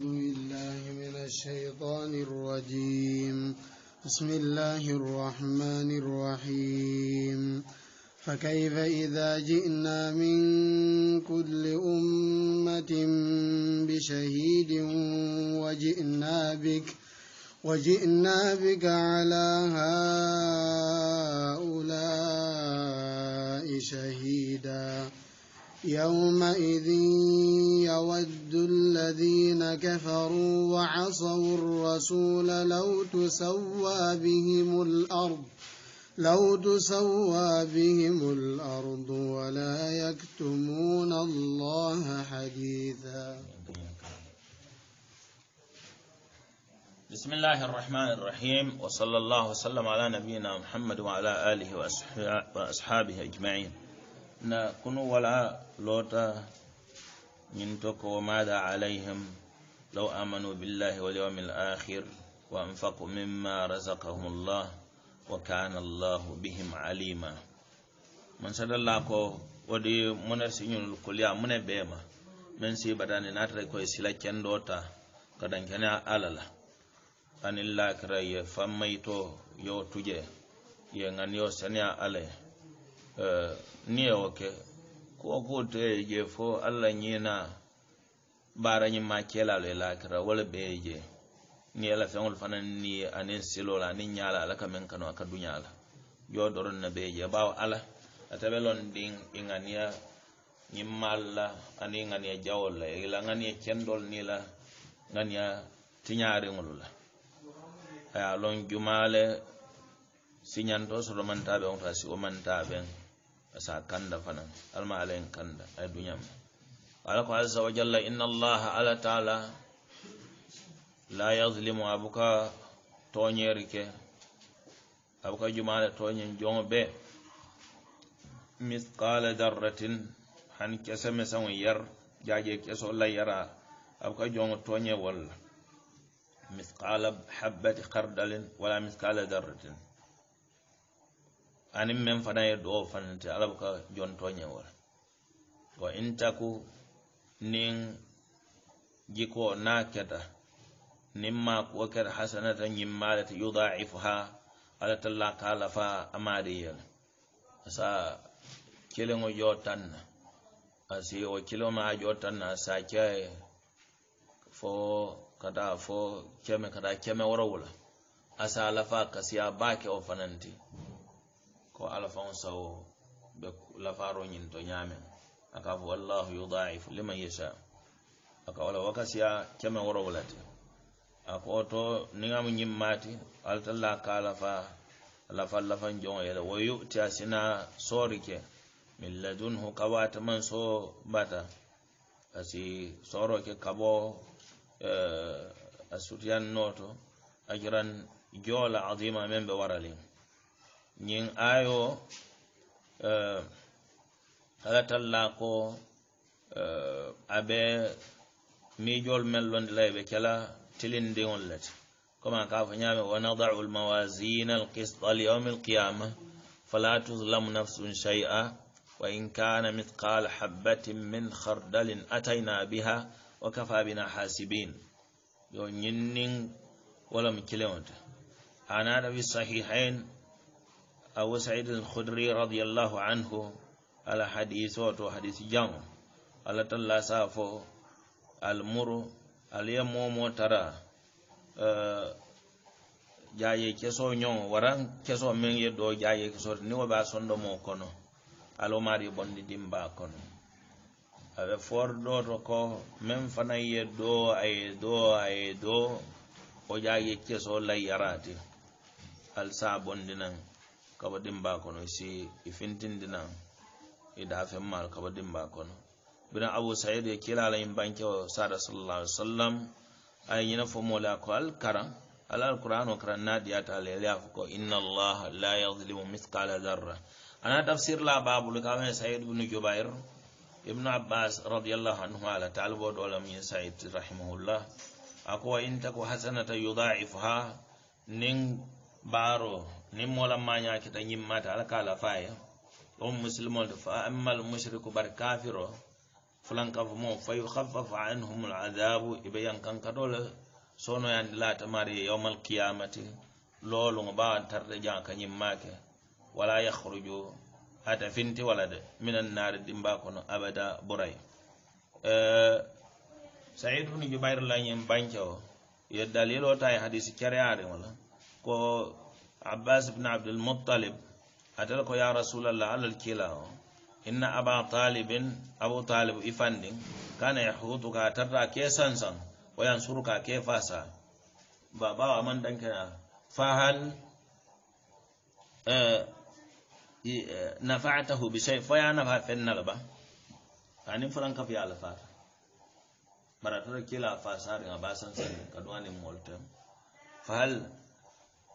من الشيطان الرجيم بسم الله الرحمن الرحيم فكيف إذا جئنا من كل أمة بشهيد وجئنا بك وجئنا بك على هؤلاء شهيداً يومئذ يود الذين كفروا وعصوا الرسول لو تسوى بهم الأرض لو تسوى بهم الأرض ولا يكتمون الله حديثا بسم الله الرحمن الرحيم وصلى الله وسلم على نبينا محمد وعلى آله وأصحابه أجمعين na kunu wala lota min tokko wo mada alayhim law amanu billahi walyawmi lakhir wa anfaku mima razakahum llah wa kana allahu bihim alima man sadalla ko woɗi mune siñol kuliya mune ɓeema min sibatani natare koye sila kendota kadankene a alala anillakira ye fammayto yo tuje ye gani yo sani a alaye eh, niyewo ke kuwa e je fo Allah yi na bara yin maki yala e lo yala kira wala be e je ni yala fi ngul fana ni anin silo la ni nyala ala ka men kano aka dunya ala yo doro na be je bawa ala atabe lon din ingania yin malla ani ingania jawol la ila ngania kendol ni la ngania tinyari ngul la aya lon jumale sinyanto so romanta be ngta si omanta be ngta asa kanda fana alma ala en kanda ay duñam wala ko azza wa jalla inna allaha ala taala la yazlimu abuka toñeri ke abuka jumaale toñen jongo be misqala darratin han kese mesaŋo yar jaaje keso la yara abuka jongo toñe walla misqala habbati kardalin wala misqala darratin anin men fana ye do fanante alabu ka jonto ñe wala bo in taku nin jiko na keta nin ma kuwo keta hasanata ñimmalata yudaifu ha ala talla ka lafa amaade yela asa kiliŋo jo tanna asi wo kiliŋo ma jo tanna sa ke fo kata fo keme kata keme woro wula asa lafa kasiya ba ke o fananti ko alafan sawo ɓe lafaro ñinto ñamen aka fo wallahu yudaifu liman yasha aka wala wakasiya keme worowolate ako to niŋamu ñimmaati alatalla ka lafa lafan lafan joŋo yele wo yuti a sina soori ke min ladunhu kawaata man so bata asi soro ke kabo e, asutiyan noto ajiran jola azima men be waralin ñiŋ ayo uh, e, alatalla ko uh, e, abe miijol mellondi lay ɓe kela tilindiŋol lete comme en kaa fo ñaami wanadau lmawasin alkista liyaumi alqiyama fala tuzlamu nafsun chey a wa in kana mithqala habbatin min hardalin atayna biha wa kafa bina hasibin yo ñinniŋ wolam kiliŋote anaata fi sahihayn abu said alkhudri radiallahu anhu ala hadis oto hadisi jango ala talla safo almuru alaya momo tara eh, jaye keso ñoo waran keso men ye do jaye kesoto ni wo ɓa sondomo kono alomari bondi dimba kono aɓe for ɗoto ko men fana ye do aye do aye do o jaye keso layyarati alsa bondi nan kaba dimba kono si ifintin dina ida fen mal kaba dimba kono bina abu sa'id ya e kila la yimban ke sada sallallahu alaihi wasallam ay yina fo mola ko al kara al alquran wa karanna diya ta le ya ko inna allah la yadhlimu mithqala dharra ana tafsir la babu le kawen sa'id ibn jubair ibn abbas radiyallahu anhu ala talibu dolam yin sa'id rahimahullah akwa intaku hasanata yudha'ifha ning baro ni molam maña kita ñimmata ala kala faye on musulmol de fa ammal mushriku bar kafiro fulan ka fo mo fa yukhaffafu anhum al'adabu ibe yan kan ka dole sono yan lata mari yawmal qiyamati lolu ngo ba tarde ja ka ñimmake wala yakhruju ata finti wala de minan nar dimba kono abada buray e sa'id ibn jubair la ñim bancho yeddal yelo tay hadisi kare are wala ko abbas ibn abdulmuttalib atata ko ya rasulallah alal kila o inna aba talibin abu talibu ifandin kana yahutuka tarra ke sansan wa yansuruka ke fasa babawa man ɗankana fahal nafa'atahu bi shay fo ya nafa fennal ba anin fulan ka fi alfata bara tara kila fasarin abasan san kadwani moltem fahal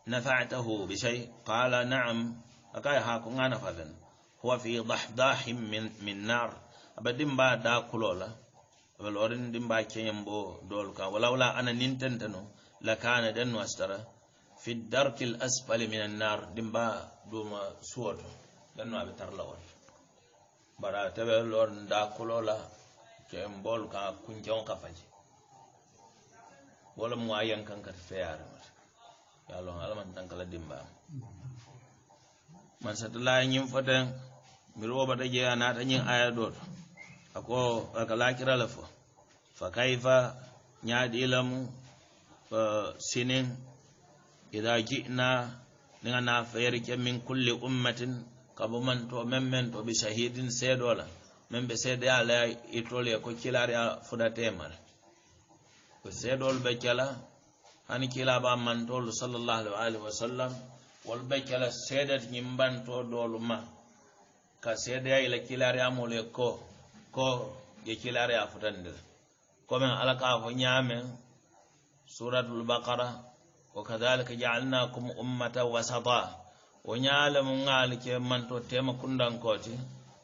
nafatahu bi shay qala naam akaye ha ko ganafaten huwa fi dahdahin min, min nar aɓa ɗimba da kulola aɓa lorin ɗimba keyen bo dol ka walawla ana nintenteno lakana denno astara fi darki l asfali min annar ɗimba duma suwoto denno aɓe tarlawol bara teɓe lorin da kulola keyen bol ka kunkeon ka faji wala mo wa yankankata feyarema yalon alaman tankala dimba man satala yin foten mir oba ta je ana ta yin aya dot ako aka lakira la fo fa kaifa nya dilamu sinin idha ji'na ninga na fayri ke min kulli ummatin kabo man to men men to bi shahidin sedola men be sede ala itole ko kilari fudatemal ko sedol be kala hani kilaba mantolu sallllahu alih waalih wa sallam wolɓe kela seedet ñimbanto doolu ma ka seedeya ila kilariyamolu ye ko ko ye kilariya futandir komin ala ka fo ñaame suratul bakara wa kadalika jaalnakum ummata wasata wo ñaale mu ŋaali ke manto tema kundankoti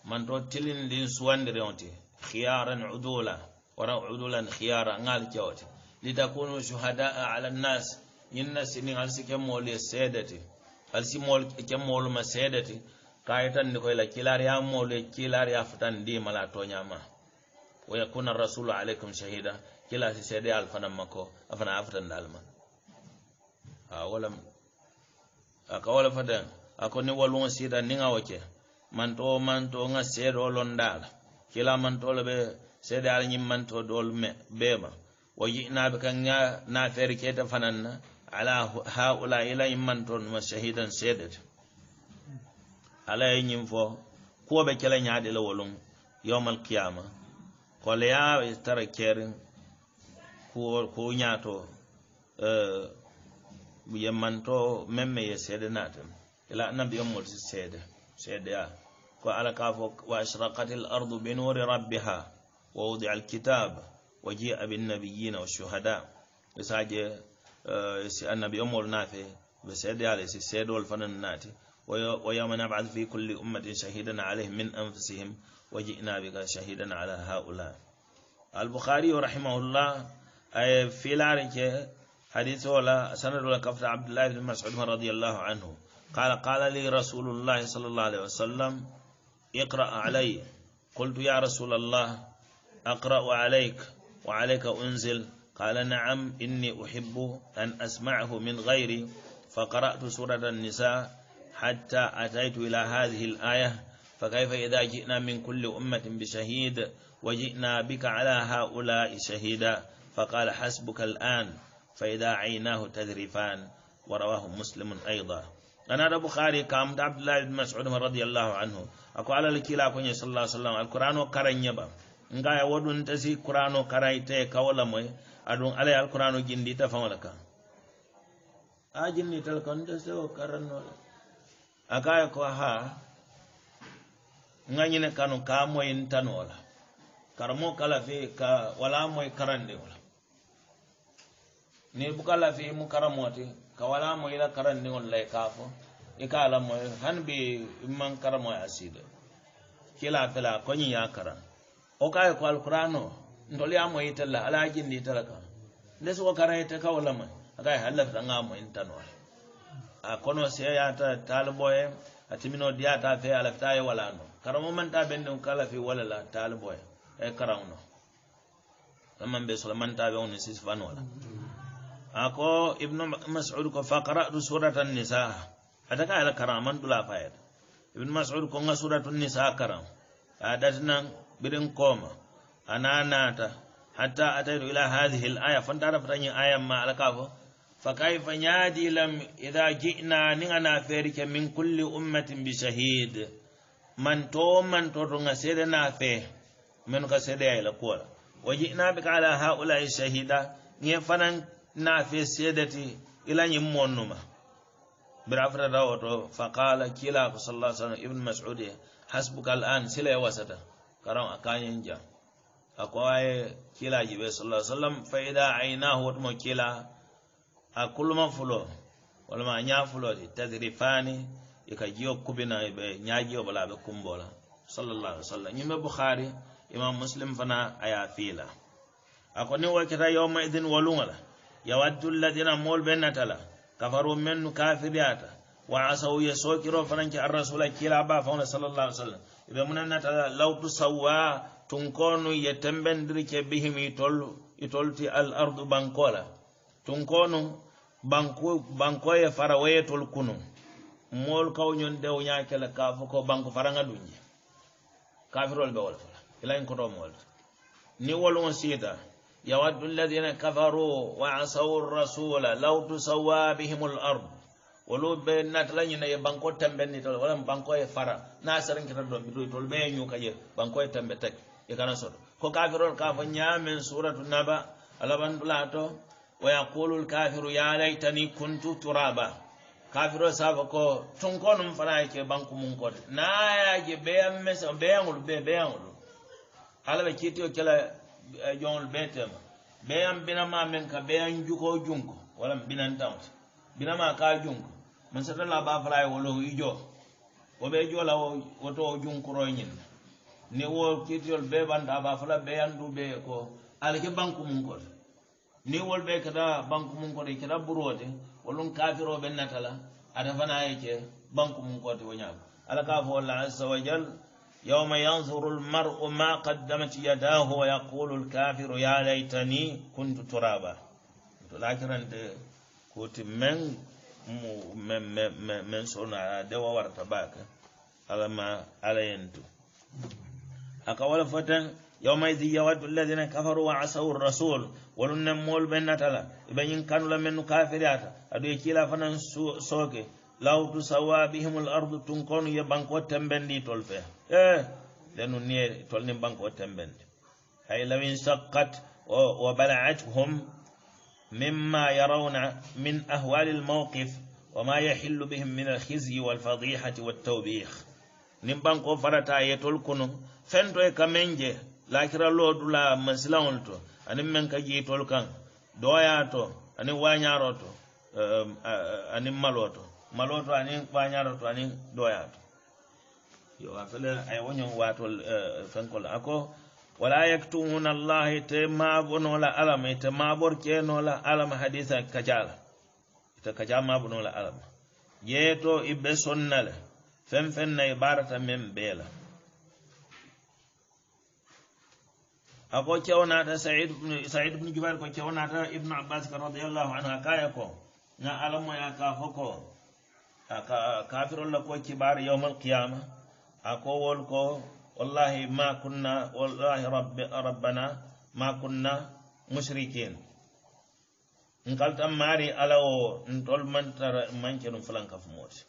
manto tilin ɗin suwandirioti khiyaran udula wara udulan khiyara ŋaali kewoti litakunu shuhadaa ala nnas ñinna sinin halsi ke moolu ye seedati halsi mool ke moolu ma seedati kayitandi koyla kilaariya moolu ye kilaariya futan diimala toñama wa yakuna rasulu alaykum shahida kilaasi seede al fanan mako afana afutandalma awala aka wala fata ako ni waluŋo siita niŋa wo ke manto manto ŋa seedo londa la kila mantolo be seede al ñimmanto doolu me bee ma وجئنا بك نافر كيت فنن على هؤلاء إلى من تون وشهيدا سيدت على ينم فو كو بكلا نعد الولون يوم القيامة قال يا ترى كير كو كو نياتو بيمانتو آه، ممي يسيد ناتم إلى نبي أمور سيدة سيدة قال كافو وأشرقت الأرض بنور ربها ووضع الكتاب وجيء بالنبيين والشهداء يساجي آه، النبي أمور نافع بسيد عليه سيد والفنن ناتي ويوم نبعث في كل أمة شهيدا عليهم من أنفسهم وجئنا بك شهيدا على هؤلاء البخاري رحمه الله أي آه، في لارك حديثه ولا سند ولا كفر عبد الله بن مسعود رضي الله عنه قال قال لي رسول الله صلى الله عليه وسلم اقرأ علي قلت يا رسول الله أقرأ عليك وعليك أنزل قال نعم إني أحب أن أسمعه من غيري فقرأت سورة النساء حتى أتيت إلى هذه الآية فكيف إذا جئنا من كل أمة بشهيد وجئنا بك على هؤلاء شهيدا فقال حسبك الآن فإذا عيناه تذرفان ورواه مسلم أيضا أنا أبو بخاري كام عبد الله بن مسعود رضي الله عنه أقول على الكلا كوني صلى الله عليه وسلم القرآن وقرن يبا ngaya woɗum tasi kurano karay te kawola moye aɗum alay alkurano jindi tafamola kan a jinni tal kan tasio karannoɗo akaya ko ha gañine kanu ka moyen tanola karamo kala fe ka wala moye karande wola ni bukala fe mu karamote ka wala moyela karandiol lay ka fo i ka la moye han be man karamoye a siɗo kila fela koñiya karan o kaye ko alkurano ndoliyamo yitella e ala jindi tala kam nde soko karayite ka wolla moy akaye hallatatanga moyin tanoy a kono seyata taliboye a timino diyata fe alafitaye walano karamo manta bendi kala fi walala taliboye e karawno amman be sola mantaɓe oni e sisfan wala ako ibnu masud ko fakaratu surata nisa ata ka ala karan aman dula fayata ibnu masud ko nga suratu nisa karan a datinan biɗen kooma ana naata hatta ataytu ila hadihi l aya fantaata fatañin ayan ma alaka fo fa kayfa ñaadi lam ida jina ni ana feeri ke min kulli ummatin bi shahid man to man totonga seeɗe na fee min ka seeɗe ayla kuwala wa jina ɓe ka ala haulai shahida ñe fanan na fe seedati ilañin monnuma mbira fatata o to fa qala kiilaako sallah sallam ibnu masudi hasbuka al an sila e wasata a akanyen jam kwaye kila jibe sallallahu alaihi wasallam faida hudu ma kila akulma fulo walma nya fulo tadrifani ikajiyo kubina nya nyajiyo bala be kumbola sallallahu sallam wasallam nyimbe bukhari imam muslim fana a ya fila a kwanin wakita yawma idin walungala yawaddu alladhina mol benatala kafaru minnu kafiriyata wa asawu ye sookiro fananke arrasula kiila ba faw na sala llah ali sallam ɓe munannata law tu sawwa tunkoonu ye tembendiri ke bihim itol itolti al ardu bankola tunkoonu banku bankoye fara wayetol kunu mool kawñon dew ñakele ka fo ko banku faranga duñje kafirol ɓe wol fola ilayin koto moolta ni wol on siita yawaddu alladina kafaru wa asawu rasula law tu sawwa bihim l ardu wolu be natala ñina ye banko tembe ni tol walla banko ye fara na serenkita do mbito tol be ñuka ye banko ye tembe tek ye kana soto ko kafirol ka fo ñamen suratu naba alabanula to wa yaqulu lkafiru ya laytani kuntu turaba kafiro safa ko tunko num fana ke banku mun kote nayaje beyam mes beyaŋolu be beyaŋolu hala ɓe kiitio kela eh, joŋol be tema beyam binama men ka beyan juko junko walla binantaŋot binama ka junko masalala bafalay e wolo ijo e wobe jola woto junkuro nyin ni wo kitiol be banda bafala be andu be ko alke banku mun ko ni wol be kada banku mun ko de kada burode wolon kafiro be natala ada fana yake e banku mun ko de wonya ala ka fo la azza wa jal yawma yanzuru al mar'u ma qaddamat yadahu wa yaqulu al kafiru ya laytani kuntu turaba to lakiran de ko timmen mu men sona dawa warta baka alama alayantu akawala fata يومئذ يود الذين كفروا وعصوا الرسول ولن مول بنتلا بين كانوا لمن كافرات ادو كيلا فنن سوكي لو تسوا بهم الارض تنكون يبانكو تمبندي تولفه ايه لانه نير تولن بانكو تمبند هاي لو wa وبلعتهم mimma yarawna min ahwali almawqif wa ma yahillu bihim min alhizyi walfadihati waltawbih nin ɓanko farata yetol kunu fento e kamen je lakiralo dula masilaol to anin men ka jiitol kan doya to anin wañaro to anin malo to malo to anin wañaro to anin doya to yo afele ay woñon watol eh, fenkol ako wala yaktumuna allah ite maɓonola alam ite mabor kenola alam hadisa kajala ite kaja maɓonola alam yeeto ibe sonnale fen fenna e ɓarata men ɓeela ako cewnata saidsaid ibnu jubair ko cewnata ibnu abbas ka radiallahu anhu a kaya ko ga alamoya ka hoko aka kafirolla ko kibar yowmal qiyama ako wol ko wallahi ma kunna wallahi rabbi, rabbana ma kunna mushrikin n kaltan maari ala o n tol manta manke num fulanka fumoti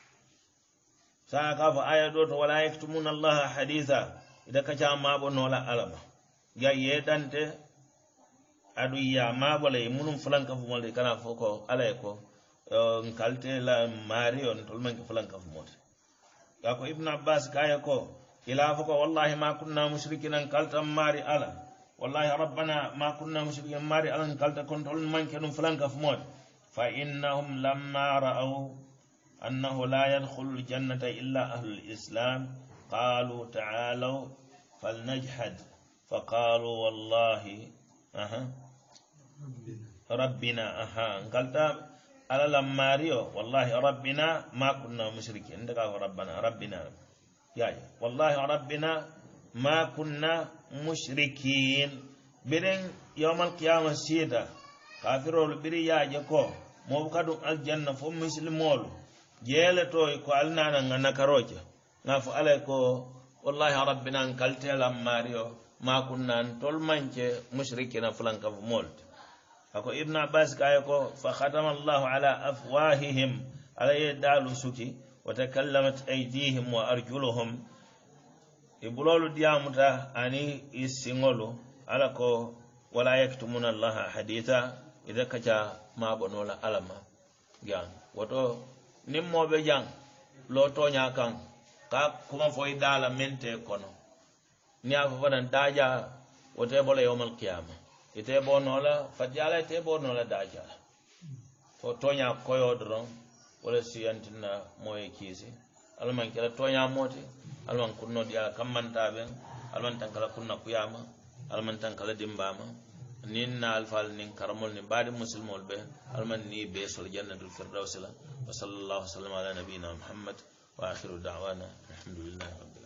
saa ka fo aya ɗo to wala yectumuna allaha hadisa ida kaca maɓo nola alama ya yeɗante aɗum ya maɓo lay munum fulanka fumoti kana fo ko alay e ko n kalte la maari o n tol manke fulanka fumoti ga ko ibnu abbas kaya ko خلافك والله ما كنا مشركين قلت ماري ألا والله ربنا ما كنا مشركين ماري ألا قلت كنت أول من كانوا فلانك في موت فإنهم لما رأوا أنه لا يدخل الجنة إلا أهل الإسلام قالوا تعالوا فلنجحد فقالوا والله أها ربنا أها قلت ألا لما ريو والله ربنا ما كنا مشركين عندك ربنا ربنا, ربنا. yaya wallahi rabbina ma kunna mushrikin biɗen yawmal qiyama sida kafirolu ɓiri yaje ko mobo kadum aljanna fo muslimolu jeeletoy ko alnana ga nakaroje ga fo alay ko wallahi rabbina n kaltelam mario ma kunna n tolmance mushrikina fulanka fo molte ako ibnu abbas kaye ko fa khatama allahu ala afwahihim alaye daalu suki wa takallamat aydihim wa arjuluhum ibulolu diyamuta ani i siŋolu ala ko wala yaktumuna allaha hadita ite kaca maɓonola alama jan woto nin moɓe jan lotoña kan ka kuma foyi dala minte kono ni a fo fanan daja wote bola yowmal qiyama ite bonola fati ala ite bonola daja fo toña koyo doron wala siyantinna moye kiisi alaman kela toñamoti alaman kunnoti yala kammantaɓen alaman tan kala kunna kuyama alaman tan kala dimbama nin na alfal nin karamol ni badi musulmol be alman ni be sol jannatul firdausila wa sallallahu sallam ala nabiyina muhammad wa akhiru da'wana alhamdulillahi rabbil